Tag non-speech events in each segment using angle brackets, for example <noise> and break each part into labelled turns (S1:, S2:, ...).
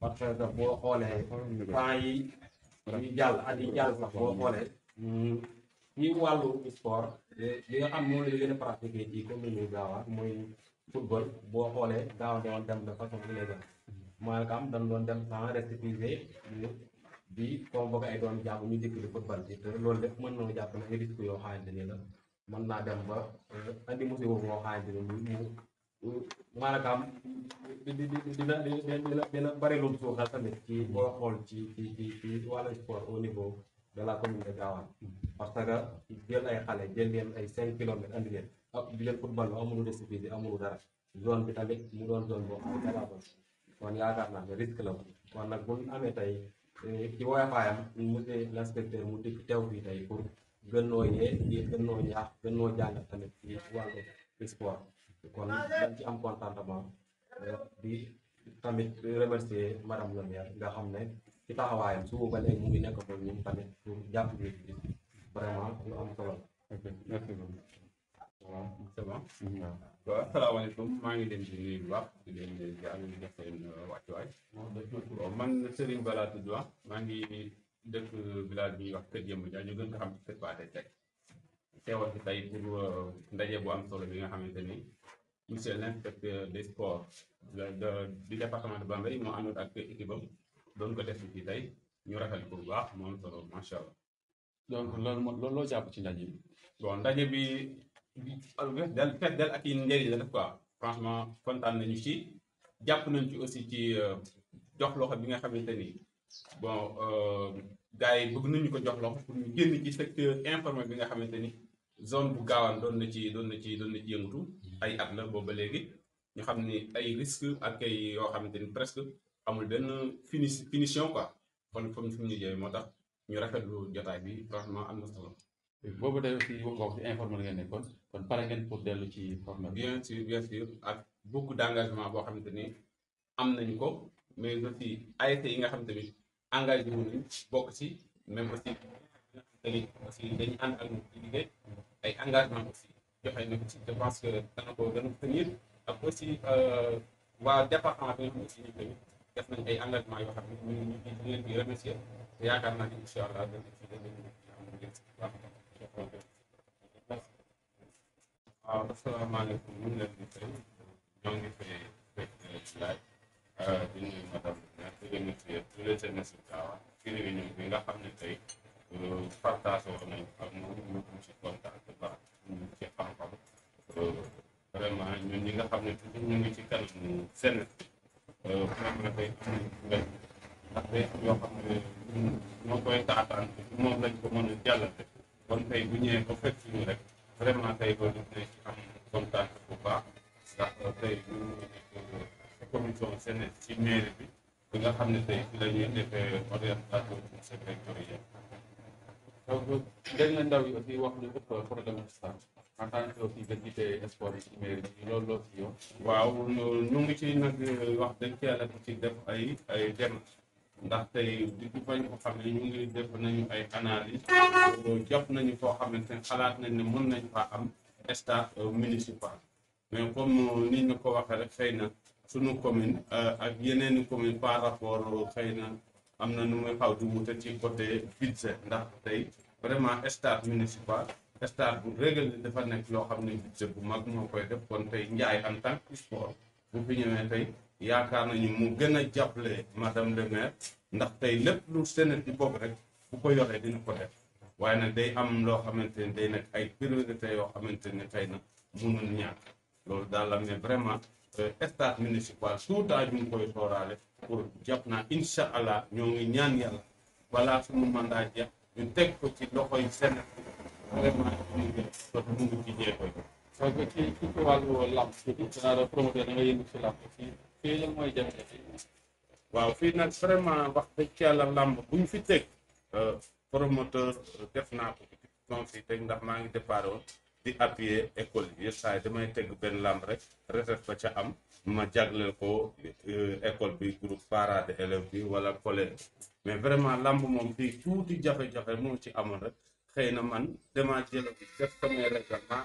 S1: parce que boo xoolee temps yi ñu jàll at yi jàll sax boo xoolee ci wàllu sport li nga xam moom la gën a pratiqué ci commune yu mooy football boo xoolee Gaawa doon dem de façon illégale Malcam dañ doon dem sans restituer di convoqué ay doon jàpp ñu dikk di football jadi te loolu lépp mën nañu jàpp ne ay risques yoo xamante ni la mën naa dem ba euh, andi musiba boo xamante ni mu maanaam di di di dina dina dina bëri lu mu tamit ci boo xool ci ci ci ci wàllu sport au niveau de la commune de Gawane parce que jël ay xale jël leen ay cinq kilomètres andi leen ak di leen football ba amul récidive amul dara zone bi tamit mu doon zone boo xam ne dara kon yaakaar naa ne risque la kon nag bu ñu amee tey ci woyafaayam monsieur l' inspecteur mu dikk teew fii tey pour gën noo gën noo ñaax gën noo jàngal tamit ci sport kon dañ ci am di tamit remercier madame le nga xam ci taxawaayam su ba léegi mu ngi nekk ko ñun tamit pour jàpp vraiment lu am solo merci waaw c'est bon
S2: waaw asalaamaaleykum maa ngi di nuyu bu baax di leen jaar di def seen euh, wàccuwaay man Serigne Bala tudd wax ah, ngi dëkk village bi wax Kër Jëmb Dia ñu gën ko xam teewal fi tey pour ndaje bu am solo bi nga xamante ni monsieur l'inspecteur des sports de du département de Bambey moo àndoon ak équipe am doon ko def fi tey ñu rafet ko bu baax moo am solo macha allah. donc loolu moo loolu ci ndaje bi. bon ndaje bi del fet del ak yi njëriñ la def quoi franchement kontaan nañu ci jàpp nañ ci aussi ci jox loxo bi nga xamante ni bon gars yi bëgg nañu ko jox loxo pour ñu génn ci secteur informel bi nga xamante zone bu gawan don na ci don na ci don na ci yengutu ay at la bobu léegi ñu xamni ni ay risque ak ay yo xamanteni presque amul ben fini finition quoi kon comme fi ñu jëwee motax tax ñu rafetlu jotaay bi vraiment am na solo bobu day ci wax wax ci ngeen nekkon kon paré ngeen pour delu ci formal bien sûr bien sûr ak beaucoup d'engagement bo xamanteni am nañ ko mais aussi ASC e yi nga xamanteni engagement engagé ci même aussi lañ aussi dañuy ànd ak ñun di liggéey ay engagement aussi joxe na ci je pense que dana ko dana ko tenir ak aussi euh, waa département bi nga xam aussi ñu tamit def nañ ay engagement yoo xam ne ñu ñu ñu leen di remercier te yaakaar naa ni incha allah dana ci dana am njëriñ si baax waaw asalaamaaleykum ñu ngi leen di tey ñoo ngi fi fekk ci laaj di nuyu madame di leen nuyu tous les jeunes si Kawa ci réunion bi nga xam ne tey fatta sono ci kontaan bu baax ci xam-xam vraiment ñun ñi nga xam ne ñu ngi ci kanam seen vraiment day am benn ndax day am yoo xam ne ñoo koy taataan moom lañ ko mën a jàllale kon tey bu ñëwee ba fekk ñu rek vraiment tey ba dinañ ci am kontaan bu baax ndax tey ñu ngi nekk commission CNES ci mairie bi bi nga xam ne tey fi la ñuy defee orientation secrétariat dégg nga ndaw yi aussi wax lu ëpp problème stade en tant que aussi nga ci mairie si yow. waaw ñu ngi ci nag wax dëgg yàlla ci def ay ay démarches ndax tey di bañ ko xam ne ñu ngi def nañu ay analyse jàpp nañu foo xamante ne xalaat nañ ne mën nañ faa am stade euh, municipal mais comme euh, ni ñu ko wax rek xëy na suñu commune euh, ak yeneeni commune par rapport xëy na am na nu muy xaw di wute ci côté budget ndax tey vraiment stade municipal stade bu régal ni dafa nekk loo xam ne budget bu mag moo koy def kon tey njaay en tant que sport bu fi ñëwee tey yaakaar nañu mu gën a jàppale madame le maire ndax tey lépp lu Sénégal di bokk rek bu ko yoree dina ko def waaye nag day am loo xamante ne day nekk ay priorité yoo xamante ne tey nag mënul ñàkk loolu daal la mais vraiment euh, stade municipal tout à ñu ngi koy sooraale pour jàpp naa incha allah ñoo ngi ñaan yàlla balaa suñu mandat jeex ñu teg ko ci loxoy Sénégal vraiment ñu ngi kon mu ngi ci jéego yi parce que ci ci ci wàllu la promoteur da nga yëngu ci làmb fii fii la mooy jafe-jafe waaw fii nag vraiment wax dëgg yàlla làmb bu ñu fi teg euh, promoteur def naa ko ci moom teg ndax maa ngi déparé woon di appuyer école yi yëpp saa yi damay teg benn làmb rek recette ba ca am ma jagleel ko euh, école bi groupe para de élèves bi wala collège mais vraiment lamb mom fi touti jafé jafé mo ci amoon rek xeyna man dama jël def samay règlement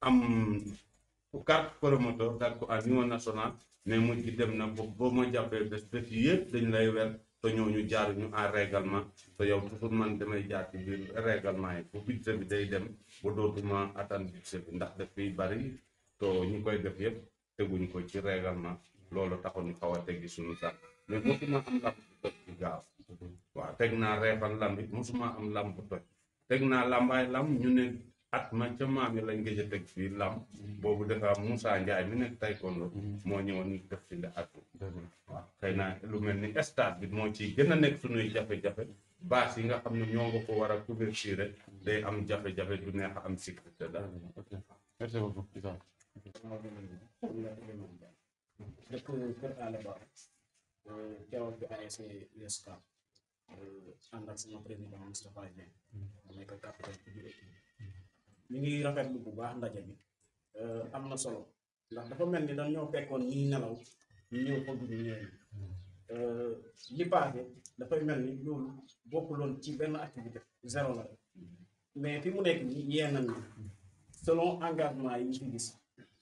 S2: am am carte promoteur dal ko à niveau national mais mujj ci dem na bo ma jappé bes bés yépp dañ lay to ñoo ñu jaar ñu en règlement to yow tout man damay jaar ci biir règlement yi bu budget bi day dem bu dootuma attendre budget bi ndax daf fi bari to ñi koy def yépp yëpp teguñ ko ci règlement loolu taxul ñu xaw a gi suñu sax mais mosuma am lamb bu toj ci gaaw waaw teg naa reefal lamb it mosuma am lamb bu toj teg naa lambaay lamb ñu ne at ma ca maam yi ya lañ gëj a teg fii lamb boobu dafa Moussa Ndiaye mi nekk taekwondo moo ñëw ni def ci la at waaw xëy na lu mel ni stade bi moo ci gën a nekk suñuy jafe-jafe baas yi nga xam ne ñoo nga ko war a couverture day am jafe-jafe du neex am sécurité daal merci beaucoup dëkk
S3: Kër Allé Ba teewal bi ASC USCA ànd ak sama président Moustapha Dieng mu nekk capitaine bi ñu ngi rafetlu bu baax ndaje bi am na solo ndax dafa mel ni dañoo fekkoon ñuy nelaw ñu ñëw ko dugg ñëw li passé dafay mel ni loolu bokkuloon ci benn activité zéro la mais fi mu nekk nii yee nañ selon engagement yi ñu fi gis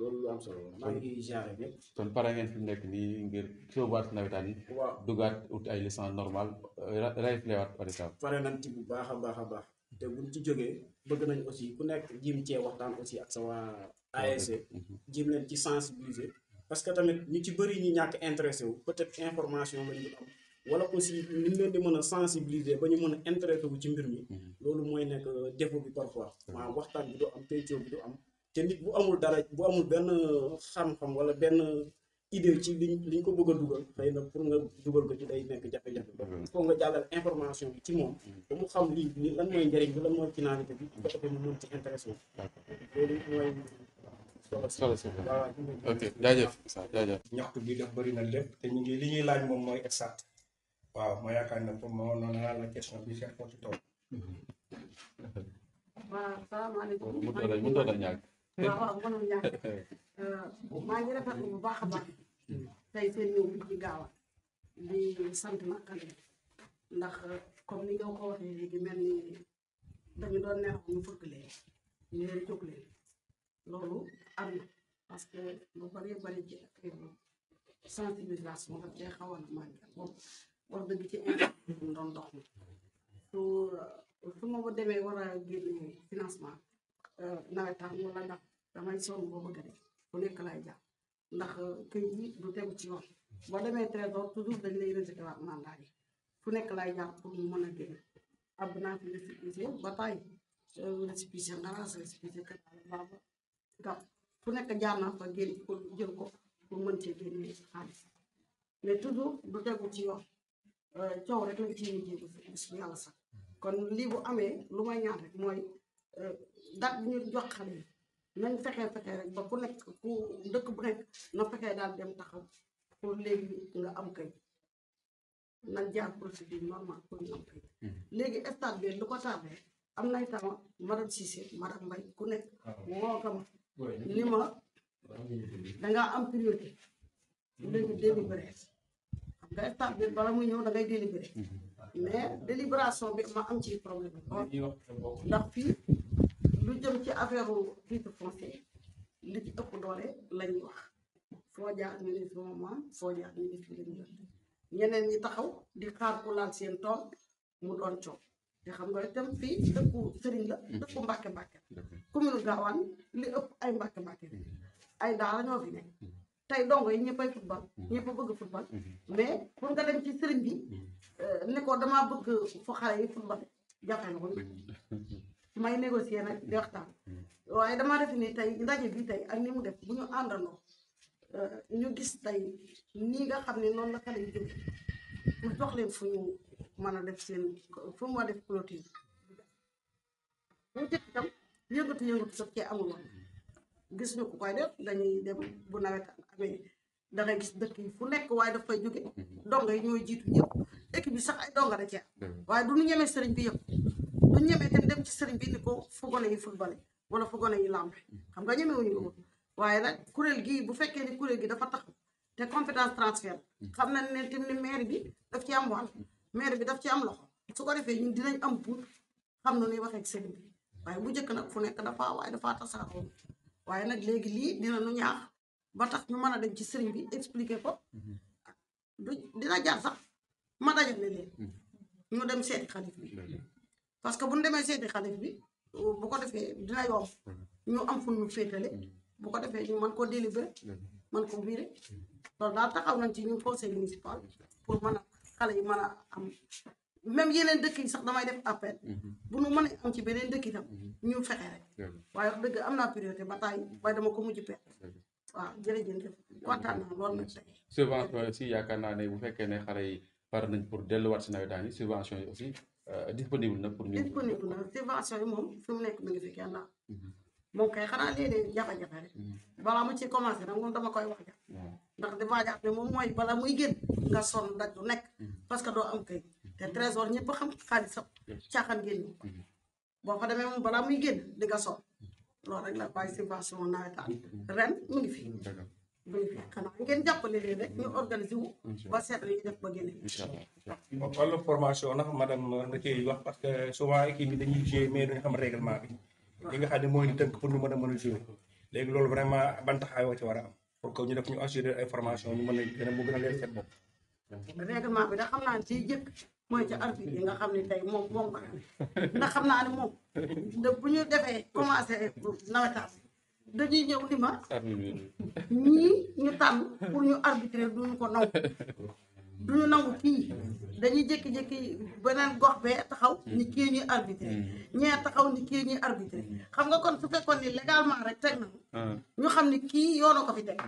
S3: loolu lu am solo maa ngi ziare ñëpp
S2: kon pare ngeen fi nekk nii ngir sóobuwaat nawetaan yi waaw ay licence normal rayflewaat par exemple
S3: pare nañ ci baax a baax a baax te buñ ci jógee bëgg nañ aussi ku nekk jiim cee waxtaan aussi ak sa waa ASC e. mhm. jiim leen ci sensibiliser parce que tamit ñu ci bëri ñu ñàkk intéressé wu peut-être information wala aussi ni ñu leen di mën a sensibiliser ba ñu mën a intéressé wu ci mbir mi mhm. loolu mooy nekk euh, défaut bi parfois waaw waxtaan bi du am péccoo bi du am te nit bu amul dara bu amul benn xam-xam wala benn idée ci liñ liñ ko bëgg a dugal xëy na pour nga dugal ko ci day nekk jafe-jafe ba mhm. foog nga jàllal information bi ci moom ba mu xam lii li lan mooy njëriñ bi bi ba mu mën ci intéressé loolu mooy
S2: solo si ñaxtu
S3: bi def bëri na lépp te ñu ngi li ñuy laaj moom mooy exact waaw moo yaakaar nag pour moo noonu la question bi seet ko ci tool mhm.
S4: waaw salaamaaleykum mu doon a ñàkk Eh, waaw waaw mënul eh, eh. euh, ñàkk maa ngi rafetlu bu baax a baax tey seen ñëw bi ci gaawa di sant nag ndax euh, comme ni nga ko waxee mel ni dañu doon neexoon ñu fëgg leen ñu leen jóg loolu am na parce que lu bari bari ci ak euh, sensibilisation daf cee xaw a man wax dëgg ci indoon dox mi su su ma demee war a sonn boo bëgg a nekk laay jàpp ndax euh, këyit yi du tegu ci yoon boo demee trésor toujours dañ lay rejeté waat mandat yi fu nekk laay jàpp pour mu mën a génn ab naa fi ba taay euh, récépissé ngaraas récépissé kër baaba fu nekk jaar naa fa génn ko jël ko pour mën cee génne xaalis mais toujours du tegu ci yoon euh, coow rek lañ ciy mujjee bis bu yàlla sax kon lii bu amee lu may ñaan rek mooy date bi ñu jox xale nañ fexé fexé rek ba ku nek ku dëkk bu nek na fexé daal dem taxaw pour légui nga am kay nañ jaar procédure normal pour am kay légui état bi lu ko tabé am nay tama madame Cissé madame Mbaye ku nekk woo ka ma ni ma dangaa am priorité léegi délibéré xam nga stade bi bala muy ñëw da ngay délibéré mais délibération bi ma am ci problème ndax jëm ci affaire titre foncier li ci ëpp doole la ñuy wax foo jaar ñu ne moment foo jaar ñeneen ñi taxaw di xaar ku laal seen tool mu doon coow te xam nga itam fii dëkku sëriñ la mm. dëkku mbàkke mbàkke la commune gaawaan li ëpp ay mbàkke mbàkke mm. ay daara ñoo fi nekk mm. tey dongo yi ñëppay football ñëpp bëgg football mais pour nga dem ci sëriñ bi euh, ne ko damaa bëgg fu xale yi football jafe na <laughs> may négocier nak di waxtan waye dama def ni tay ndaje bi tay ak ni mu def bu ñu àndandoo ñu gis tay ni nga xamni non la xalé jëm jóg dox leen fu ñu mën def seen fu mo def clôture bu jëkk itam yëngatu yëngatu sax cee amul woon gis ñu ko koy def dañuy dem bu nawet amé da nga gis dëkk yi fu nekk waye da fay mm-hmm. joggé dongay ñoy jitu ñëpp équipe bi sax ay donga da cee am du ñu ñemee sëriñ bi yëpp du ñëmé ci sëriñ bi ni ko fu yi footballé wala fu gone yi làmb xam nga ñemewuñu ko waaye nag kuréel gii bu fekkee ni kuréel gi dafa tax te compétence transfert xam nañ ne tamit ni maire bi daf ci am wàll bi daf ci am loxo su ko defee ñun dinañ am pour xam na nuy waxee ak sëriñ bi waaye bu njëkk nag fu nekk dafa waaye dafa tasaaroo waaye nag léegi lii dina nu ñaax ba tax ñu mën a dem ci sëriñ bi expliquer ko du dina jaar sax ma dajale leen mm-hmm. ñu dem seeti xalif bi parce que bu ñu demee seeti xalif bi bu ko defee dina yomb mm-hmm. ñu am fu ñu féetale mm-hmm. bu ko defee ñu man koo délibéré mm-hmm. mën ko viré loolu daal taxaw nañ ci ñun conseil municipal pour mën a xale yi mën a am même yeneen dëkk yi sax damay def appel bu ñu mën a am ci beneen dëkk itam ñu fexe rek waaye wax dëgg am naa priorité ba taay waaye dama ko mujj perte waaw jërëjëf kontaan naa loolu nag tey
S2: subvention aussi yaakaar naa ne bu fekkee ne xale yi par nañ pour delluwaat si nawetaan yi subvention yi aussi Euh, disponible na pour ñu.
S4: disponible na subvention moom fi mu nekk mi ngi fi kenn la moom kay xanaa léeg-léeg jafe rek mhm. balaa ma ci commencé nag moom dama koy wax ja ndax di waaj moom mooy bala muy génn nga sonn daj du nekk mhm. parce que doo am kay te mhm. trésor ñëpp xam xaalis sa caaxaan génn boo fa demee moom balaa muy génn di nga sonn loolu rek la bàyyi subvention nawetaan ren mu ngi fi buñ fi xanaa ngeen jàppale leen rek ñu organiser wu. ba seet li ñu def ba génne. incha nga xam
S3: a a jouer. léegi loolu vraiment ban taxawoo ci war a am ñu def ñu assurer ay formation ñu mën a
S4: a mu a naa ci moom bu ñu defee commencé nawetaas dañuy ñëw ni ma ñii ñu tànn pour ñu arbitrer duñu ko nangu duñu nangu kii dañuy jékki-jékki beneen gox bee taxaw ni kii ñuy arbitrer ñee taxaw ni kii ñuy arbitrer xam nga kon su fekkoon ni légalement rek teg nañu ñu xam ni kii yoona ko fi teg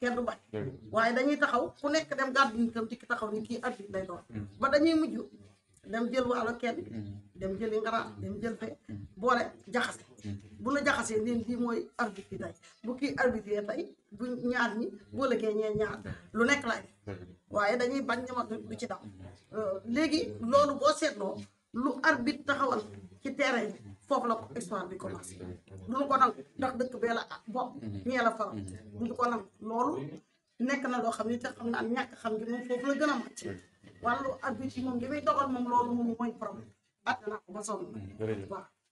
S4: kenn du bañ waaye dañuy taxaw ku nekk dem gàddu nitam di ki taxaw ni kii arbitre lay doon ba dañuy mujj dem jël waalo kenn dem jëli ngaraan dem jël fee boole jaxase bu la jaxasee leen bii mooy arbitre bi tey bu kii arbitre tey bu ñaar ñi boo lëkkee ñee ñaar lu nekk laay waaye dañuy bañ ñama du ci daw euh, léegi loolu boo seetloo lu arbitre taxawal ci terrain bi foofu la ko histoire bi commencé duñu ko nangu ndax dëkk bee la ah, bopp ñee la faral duñu ko nangu loolu nekk na loo xam ne te xam naan ñàkk xam gi moom foofu la gën a màcc wàllu arbitre yi moom li muy dogal moom loolu moom mooy problème at naa ko ba sonn
S2: waaw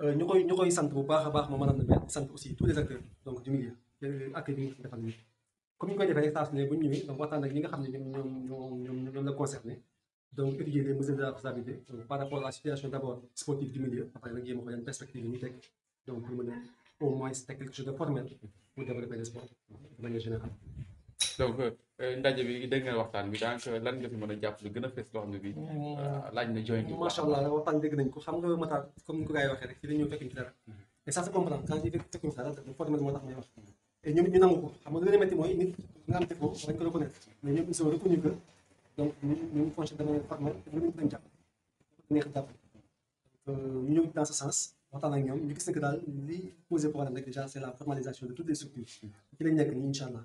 S5: Euh, nous avons aussi tous les acteurs du milieu comme nous avons des nous nous bu ñu donc étudier les de euh, par rapport à la situation sportive du milieu après nous perspective donc pour au moins quelque chose de formel pour développer le sport de manière générale.
S2: donc euh, ndaje bi dégg nga waxtaan bi donc lan nga fi mën a jàpp lu gën a fees loo xam ne euh, laaj na jooy bi macha allah
S5: waxtaan dégg nañ ko xam nga Matar comme ni ko waxee rek fii la ñu fekk ci dara. et mm-hmm. ça se comprend quand il fekk fekk dara formé moo tax may wax. et ñoom it ñu nangu ko xam nga li leen métti mooy nit ñoom ils sont reconnu que donc euh, la formalisation de toutes les structures mm-hmm. nekk nii incha allah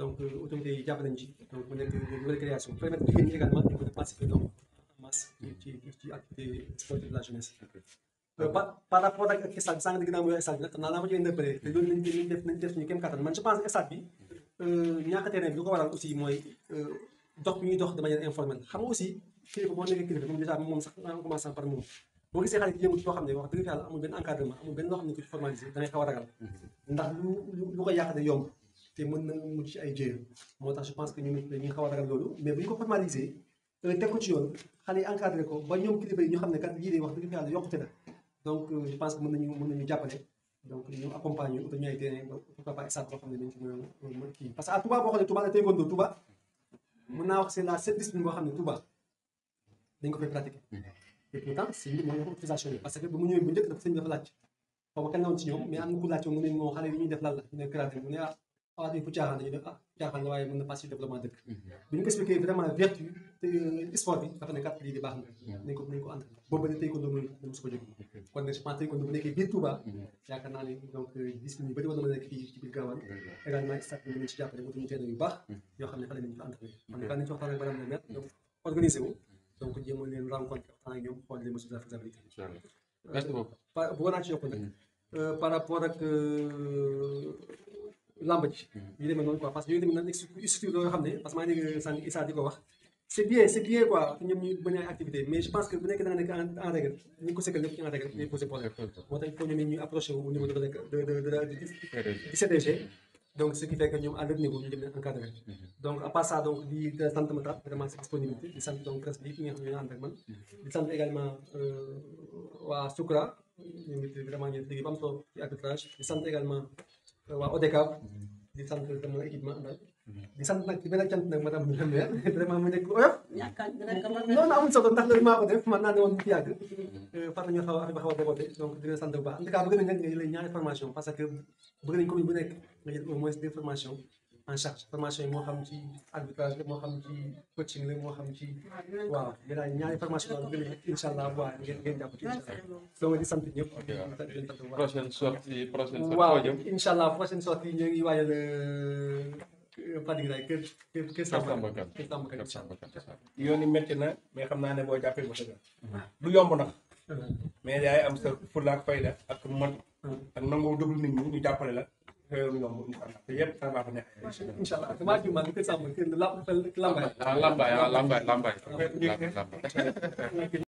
S5: donc autorités yi jàpp nañu ci donc mu nekk nouvelle création permettre jigéen par rapport ak stade bi sànq di gën bi naa laa ma ci interpellé te loolu nañu def nañu def suñu kéem kattan man je pense que bi euh, ñàkk terrain bi lu ko waral aussi mooy euh, dox bi ñuy dox de manière xam aussi kilifa boo nekkee kilifa moom déjà moom sax en commençant par moom. boo gisee xale yi yëngu ci xam ne wax dëgg yàlla amul benn encadrement amul benn loo xam ne ko formalisé da ngay a ragal mhm. te mën na ci ay jéem moo tax je pense que ñu ñun dañuy xaw a ragal loolu mais bu ñu ko formaliser euh, teg ko ci yoon xale yi encadré ko ba ñoom kilifa yi ñu xam ne kat lii de wax dëgg yàlla yokkute na donc euh, je pense que mën nañu mën nañu jàppale donc ñu accompagner ñu dañu ay terrain ba pourquoi pas stade boo xam ne dañ ci mën a kii parce que à Touba boo xam ne Touba la taekwondo Touba mën naa wax c'est la seule discipline boo xam ne Touba dañ ko fay pratiquer mm-hmm. et pourtant si ñu mën utilisation bi parce que bu mu ñëwee bu njëkk dafa sëñ dafa laaj xaw ma kenn la woon ci ñoom mais am na ku laaj moom mu ne moom xale yi ñuy def lan la ñu ne karaté mu ne ah ah du caaxaan dañuy caaxaan la waaye mën na facile développement dëkk. bu ñu ko expliqué vraiment vertu te sport bi dafa ne quatre ne tey ko doon bu nekkee biir Touba. yaakaar naa ne donc discipline yu bëri war a nekk fii ci biir Gawane. également stade bi ñu ci jàppale mu tudd yu baax. yoo xam ne fan la ñu ko ànd. ne kan nañu ci waxtaan ak madame le maire donc organisé wu. donc jéem a leen ci yokk nag. lamb ji. Mhm. yu noonu quoi parce que yooyu tamit na ko wax. c' bien c' bien quoi ñoom ñu bañ activité mais je pense que bu nekkee da nekk en en règle ñu ko sekkal lépp ci en règle ñuy posé de de de donc ce qui fait que ñoom à leur niveau ñu dem encadré mhm. donc à ça donc di sant ma di sant donc mhm. di sant également euh, waa di sant également waa ODCAV di sant dama équipement daal di sant nag di benn cant nag madame Birame Mbène vraiment mu nekk oyof noonu amul solo ndax loolu maa ko def man naa ne woon bu yàgg far nañu xaw a xaw a dégoté donc di leen sant bu baax en tout cas bëgg nañ nag nga jëlee ñaari formation parce que bëgg nañ commune bu nekk nga jël moins deux formations en charge yi moo xam ci arbitrage moo xam ci coaching la moo xam ci waaw dinaa ñaari formation a allah waaw ngeen ngeen jàpp ci incha allah donc di sant ñëpp. prochaine sortie prochaine sortie waaw incha allah prochaine sortie ñu ngi waajal euh, Fatick daal kër kër kër Samba Kër Samba Kër incha allah.
S1: yoon
S3: yi métti na mais xam naa ne boo jàppee mos a lu yomb nag. Hmm. mais yaay am sa fulla ak fayda ak man. ak nangoo déglu nit ñi ñu jàppale la. Belum tiap
S5: sama banyak. Insyaallah. Cuma cuma mungkin sama mungkin lambat lambat lambat lambat lambat lambat.